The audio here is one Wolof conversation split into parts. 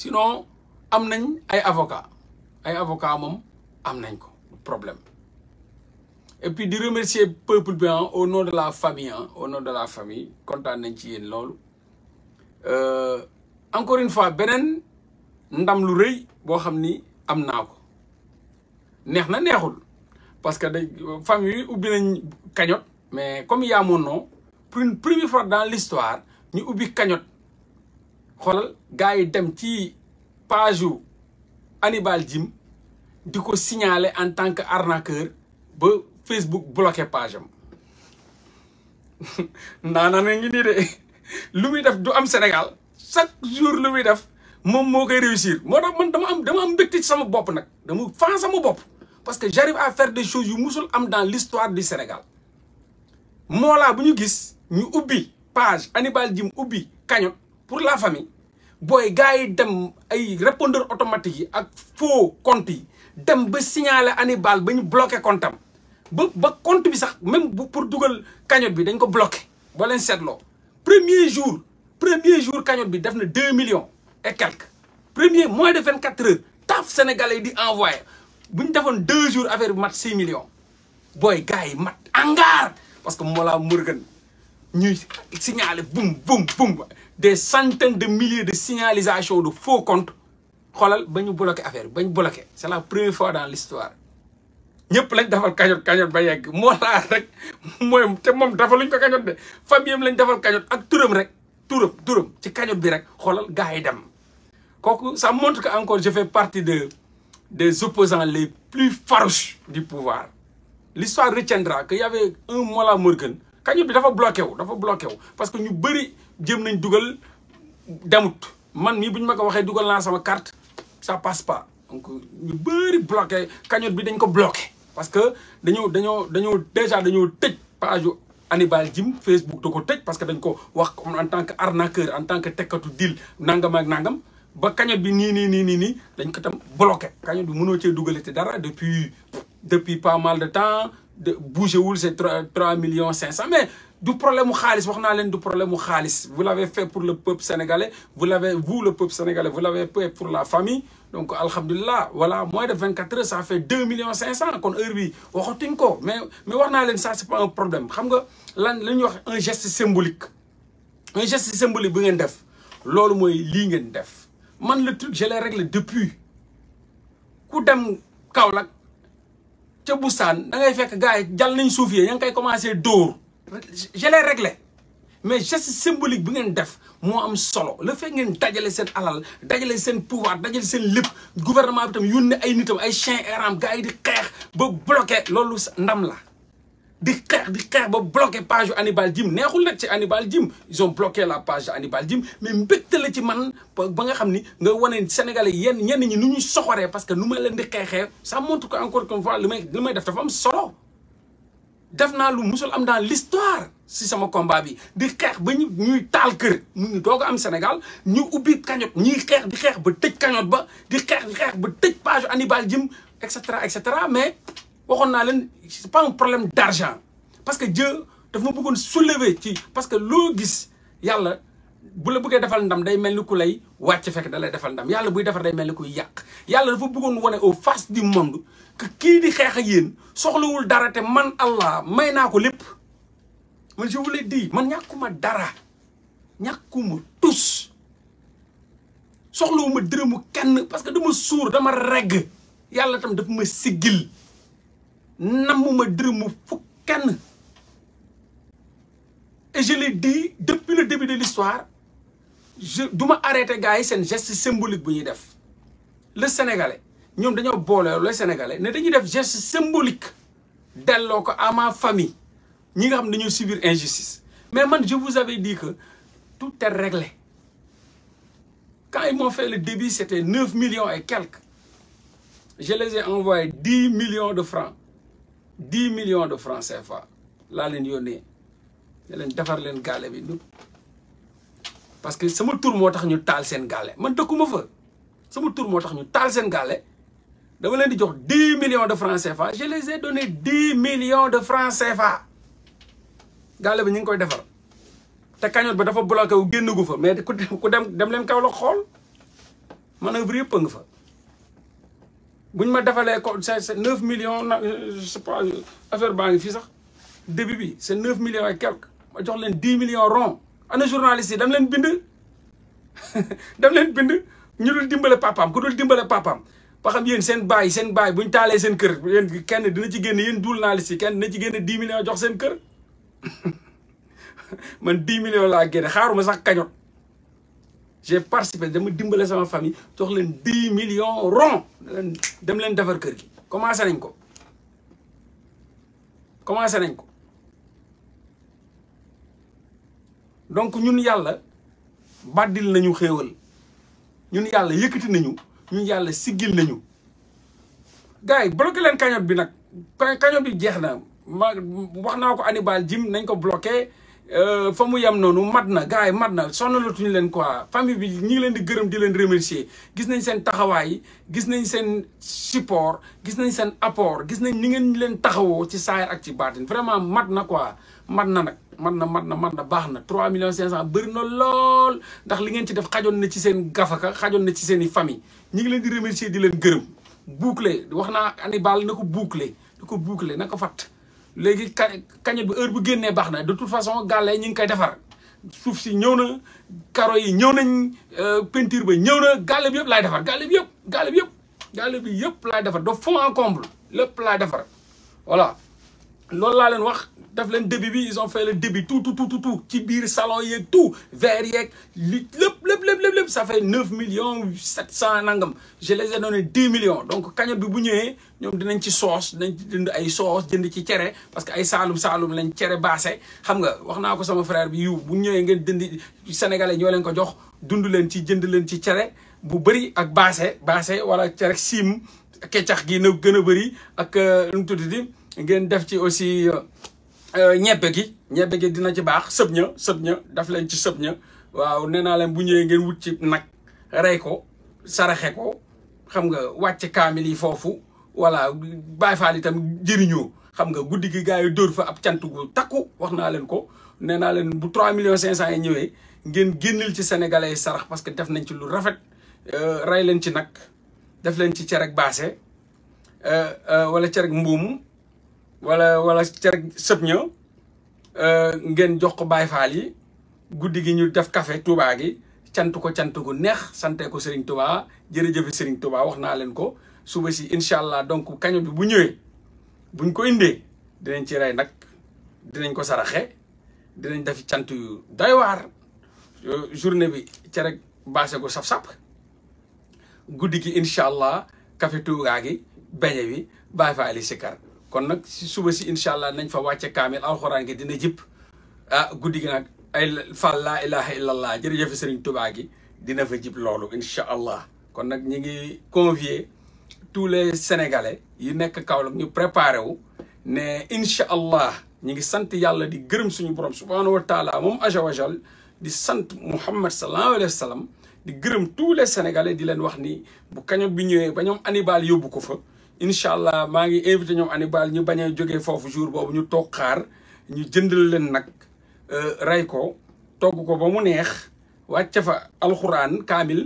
sinon am nañ ay avocat ay avocat moom am nañ ko problème et puis di remercier peuple bi au nom de la famille au nom de la famille kontaan nañ ci yéen loolu euh, encore une fois beneen ndam lu rëy boo xam ni am naa ko neex na neexul parce que dañ famille ubbi nañ cagnotte mais comme yaa mon nom pour une première fois dans l'histoire ñu ubbi cagnotte xoolal gars yi dem ci page yu Hannibal Jim di ko signaler en tant que arnaqueur ba Facebook bloqué page am ndaanaan ngi nii de lu muy def du am Sénégal chaque jour lu muy def moom moo koy réussir moo tax man dama am dama am mbégte sama bopp nag dama fan sama bopp parce que j'arrive à faire des choses yu musul am dans l'histoire du Sénégal moo laa bu ñu gis ñu ubbi page Hannibal Jim ubbi cagnotte pour la famille booy gars yi dem ay répondeur automatique yi ak faux compte yi dem ba signaler Hannibal ba ñu bloqué compte am ba ba compte bi sax même bu pour dugal cagnotte bi dañ ko bloqué boo leen seetloo premier jour premier jour cagnotte bi def na deux millions et quelques premier moins de vingt quatre heures taf sénégalais di envoyé bu ñu defoon deux jours affaire bi mat six millions booy gars yi mat angaar parce que moo Mollah Morgun ñuy signaler boum boum boum des centaines de milliers de signalisations de faux comptes xoolal ba ñu bloqué affaire bi ba ñu bloqué c'est la première fois dans l'histoire ñëpp lañ defal kañot kañot ba yegg moo laa rek mooy te moom defaluñ ko kañot de famiyam lañ defal kañot ak turam rek turam turam ci kañot bi rek xoolal gars yi dem kooku ça montre que encore je fais partie de des opposants les plus farouches du pouvoir l'histoire retiendra que y avait un Mollah Morgun kañu bi dafa bloqué wu dafa bloqué wu parce que ñu bëri jëm nañ dugal demut man mii bu ñu ma ko waxee dugal naa sama carte ça passe pas donc ñu bëri bloqué cagnotte bi dañ ko bloqué parce que dañoo dañoo dañoo déjà dañoo tëj page yu Hannibal Djim Facebook da ko tëj parce que dañ ko wax comme en tant que arnaqueur en tant que tekkatu deal nangam ak nangam ba cagnotte bi nii nii nii nii nii dañ ko tam bloqué cagnotte bi mënoo cee dugalati dara depuis depuis pas mal de temps bougé wul c'est trois millions cinq cent mais du problème mu xaalis wax naa leen du problème mu xaalis vous l'avez fait pour le peuple sénégalais vous l'avez vous le peuple sénégalais vous l'avez fait pour la famille donc alhamdulilah wala moins de vingt quatre heures ça fait deux millions cinq cent kon heure bi waxatuñ ko mais mais wax naa len ça c'est pas un problème xam nga lan la ñuy wax un geste symbolique un geste symbolique bi ngeen def loolu mooy lii ngeen def man le truc je l'ai réglé depuis ku dem Kaolack ca bustaan da ngay fekk gars yi jal nañ suuf yi ña ngi koy commencé dóor je l'ai réglé mais geste symbolique bu ngeen def moo am solo la fait ngeen dajale seen alal dajale seen pouvoir dajale seen lépp gouvernement bi tam yónnee ay nitam ay chien errant gars yi di xeex ba bloqué loolu ndam la di xeex di xeex ba bloqué page Hannibal Djim neexul nag ci Hannibal Djim ils ont bloqué la page Hannibal Djim mais mbégte la ci man ba nga xam ni nga wane Sénégalais yenn ñenn ñi nu ñuy soxoree parce que nu ma leen di xeexee ça montre que encore une fois may li may def dafa am solo. def naa lu musul am dans l'histoire si sama combat bi di xeex ba ñu ñuy taal kër mu ngi doog am Sénégal ñu ubbi kañot ñi xeex di xeex ba tëj kañot ba di xeex di xeex ba tëj page Hannibal Djim et cetera et cetera mais. waxoon naa leen c'est pas un problème d'argent parce que Dieu daf ma bëggoon soulever ci parce que loo gis yàlla bu la buggee defal ndam day mel ni ku lay wàcc fekk da defal ndam yàlla buy defar day mel ni kuy yàq yàlla dafa bëggoon wane au farce du monde que kii di xeex ak yéen soxlawul dara te man Allah may naa ko lépp man je vous l'ai dit man ñàkkuma dara ñàkkuma tus soxlawuma dërëmu kenn parce que dama suur dama regg yàlla tam dafa ma siggil nammuma dërëmu fukk kenn et je l'ai dit depuis le début de l'histoire je du ma arrêté gars yi seen gest symbolique bu ñuy def le sénégalais ñoom dañoo boole le sénégalais ne dañuy def geste symbolique delloo ko à ma famille ñi nga xam ne dañoo subir injustice mais man je vous avais dit que tout est réglé quand ils m'ont fait le débit c'était neuf millions et quelques je les ai envoyé dix millions de francs dix millions de francs CFA laa leen yónnee ne leen defar leen gaale bi parce que sama tur moo tax ñu taal seen gaale man dëkkuma fa sama tur moo tax ñu taal seen gaale dama leen di jox dix millions de francs fa je les ai donné dix millions de francs CFA gaale bi ñu ngi koy defar te cagnotte ba dafa bloqué wu génn gu fa mais ku dem dem leen kaw la xool manœuvre yëpp nga fa. bu ñu ma defalee ko c'est neuf millions je sais affaire baa ngi fii sax début bi c'est neuf million a quelque ma jox leen dix millions rond ana journaliste yi dam leen bind dam leen bind ñu dul dimbale papaam ku dul dimbale papaam ba xam yéen seen baay seen baay bu taalee seen kër yéen kenn dina ci génn yéen journaliste yi kenn dina ci génn dix millions jox seen kër man dix millions laa génne xaaruma sax kañot j'ai participé dama dimbale sama famille jox leen dix million ron dem leen defar kër gi commencé nañ ko commencé nañ ko donc ñun yàlla bàddil nañu xéewal ñun yàlla yëkkati nañu ñun yàlla siggil nañu gars yi bloqué leen cagnotte bi nag cagnotte bi jeex na ma wax naa ko Hannibal Jim nañ ko bloqué Euh, fa mu yem noonu mat na gars yi mat na sonnalatuñu leen quoi famille bi ñu ngi leen di gërëm di leen remercier gis nañ seen taxawaay gis nañ seen support gis nañ seen apport gis nañ ni ngeen leen taxawoo ci saayir ak ci baatin vraiment mat na quoi mat na nag mat na mat na mat na baax na 3 millions 500 bëri na lool ndax li ngeen ci def xajoon na ci seen gafaka xajoon na ci seen i famille ñi ngi leen di remercier di leen gërëm boucler wax naa Hannibal na ko boucler na ko boucler na ko fatt léegi kañet bi heure bu génnee baax na de toute façon gàlle ñu ngi koy defar suuf si ñëw na karo yi ñëw nañ euh, peinture ba ñëw na gàlle bi yëpp laay defar gàlle bi yëpp gàlle bi yëpp gàlle bi yëpp laay defar de fond en comble lépp laay defar voilà loolu laa leen wax daf leen début bi ils ont fait le début tout tout tout tout ci biir salon yeeg tout verre yeeg li lépp lépp lépp lépp ça fait neuf millions sept cent nangam je les ai donné dix millions donc cagnotte bi bu ñëwee ñoom dinañ ci soos dinañ ci jënd ay soos jënd ci cere parce que ay saalum saalum lañ cere baase xam nga wax naa ko sama frère bi yu bu ñëwee ngeen dëndi sénégalais ñoo leen ko jox dund leen ci jënd leen ci cere bu bëri ak baase baase wala cere siim keccax gi na gën a bëri ak lu euh, mu tudd di ngeen def ci aussi euh, Euh, ñebbe gi ñebbe gi dina ci baax sëb ña sëb ña daf leen ci sëb ña waaw nee naa leen bu ñëwee ngeen wut ci nag rey ko saraxe ko xam nga wàcc kaamil yi foofu voilà bàyyi faal itam jëriñoo xam nga guddi gi gars yi dóor fa ab cant gu takku wax naa leen ko nee naa leen bu 3 millions 500 yi ñëwee ngeen génnil ci sénégalais yi sarax parce que def nañ ci lu rafet. Euh, rey leen ci nag def leen ci cereg baase euh, wala cereg mbuum. wala wala cere sëb ña euh, ngeen jox ko Baay Faal yi guddi gi ñu def kafe Touba gi cant ko cant gu neex sante ko Serigne Touba jërëjëf Serigne Touba wax naa leen ko suba si incha allah donc kaño bi bu ñëwee buñ ko indee dinañ ci rey nag dinañ ko saraxe dinañ def cant yu doy waar euh, journée bi cere baase gu saf-sap guddi gi incha allah café Touba gi beñe bi Baay Faal yi sikkar kon nag si suba si incha allah nañ fa wàcce kaamil alxuraan gi dina jëpp ah guddi gi nag ay fal laa ilaha illallah jërëjëf sëriñ tubaa gi dina fa jib loolu incha allah kon nag ñi ngi convier tous les sénégalais yu nekk Kaolack ñu préparé wu ne incha allah ñi ngi sant yàlla di gërëm suñu borom subhaanahu wa taala moom ajawajal di sant muhammad sallallahu alayhi wa sallam di gërëm tous les sénégalais di leen wax ni bu kañot bi ñëwee ba ñoom Hannibal yóbbu ko fa incha allah maa ngi invité ñoom Hannibal ñu bañ a jógee foofu jour boobu ñu toog xaar ñu jëndal leen nag euh, ray ko togg ko ba mu neex wàcce fa alxuraan kaamil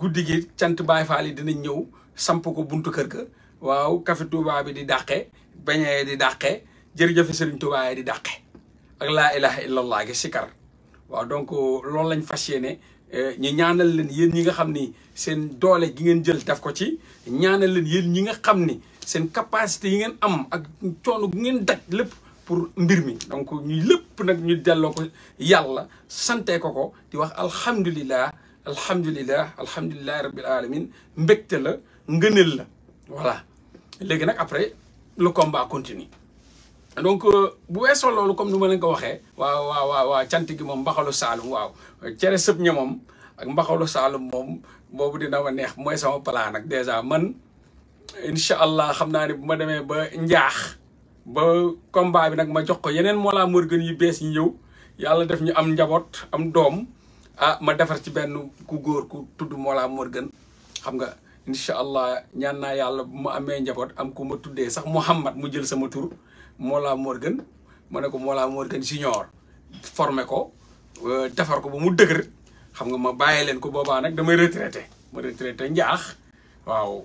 guddi gi cant baay faal dina ñëw samp ko buntu kër ga waaw café Touba bi di dàqe bañee di dàqe jërëjëf Serigne Touba yi di dàqe ak laa ilaha illallah gi sikar waaw donc loolu lañ fas yéene Eh, ñu ñaanal leen yéen ñi nga xam ni seen doole gi ngeen jël def ko ci ñaanal leen yéen ñi nga xam ni seen capacité yi ngeen am ak coono gi ngeen daj lépp pour mbir mi donc ñu lépp nag ñu delloo ko yàlla sante ko ko di wax alhamdulillah alhamdulillah alhamdulillahi rabbil alamin mbégte la ngëneel la voilà léegi nag après le combat continue donc euh, bu weesoo loolu comme ni ma leen ko waxee. waaw waaw waaw waaw cant gi moom mbaxalu Saalum waaw cere sëb moom ak mbaxalu Saalum moom boobu dina ma neex mooy sama palaa nag dèjà man incha allah xam naa ne bu ma demee ba njaax ba combat bi nag ma jox ko yeneen Mollah Morgun yu bees yi ñëw yàlla def ñu am njaboot am doom ah ma defar ci benn ku góor ku tudd Mollah Morgun xam nga. incha allah ñaan naa yàlla bu ma amee njaboot am ku ma tuddee sax mu Mouhamad mu jël sama tur Mollah Morgun ma ne ko Mollah Morgun junior formé ko euh, defar ko ba mu dëgër xam nga ma bàyyi leen ko boobaa nag damay retraité ma retraité njaax waaw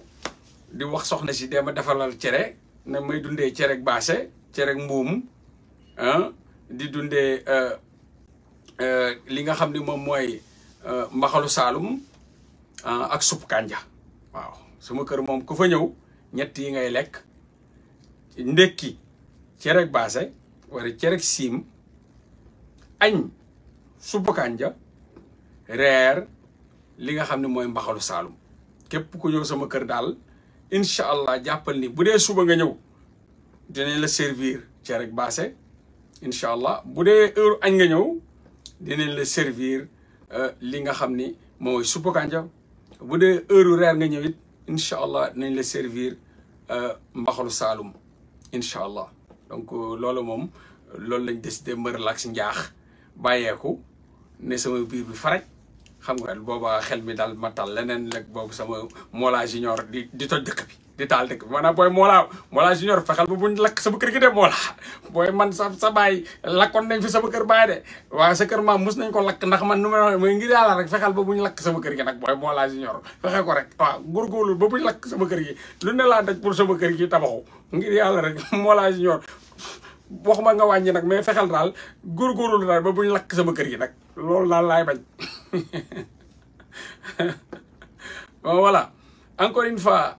di wax soxna si dee ma defaral cere ne may dundee cereg baase cere mbuum di dundee euh, euh, li nga xam ni moom mooy mbaxalu saalum ak supp kànja waaw suma kër moom ku fa ñëw ñett yi ngay lekk ndekki cereg baase wala cereg siim añ supp kànja reer li nga xam ne mooy mbaxalu saalum képp ku ñëw sama kër daal incha allah jàppal ni bu dee suba nga ñëw dinañ la servir cereg baase incha allah bu dee heure añ nga ñëw dinañ la servir euh, li nga xam ni mooy suppu kànja bu dee heure reer nga ñëw it incha allah nañ la servir euh, mbaxalu saalum incha allah donc euh, loolu moom loolu lañ décidé ma relax njaax bàyyeeku ne sama biir bi faraj xam nga booba xel mi daal matal leneen rek boobu sama Mollah Junior di di toj dëkk bi di taal dëkk maanaam booy Mawla Mawla junior fexeel ba buñ lakk sama kër gi de Mawla booy man sa sa baay lakkoon nañ fi sama kër baay de waaye sa kër maam mus nañ ko lakk ndax man nu ma mooy ngir yàlla rek fexeel ba buñ lakk sama kër gi nag booy Mawla junior fexe ko rek waaw góorgóorlu ba buñ lakk sama kër gi lu ne laa daj pour sama kër gi tabaxu ngir yàlla rek Mawla junior waxuma nga wàññi nag mais fexeel daal góorgóorlu daal ba buñ lakk sama kër gi nag loolu daal laay bañ bon voilà encore une fois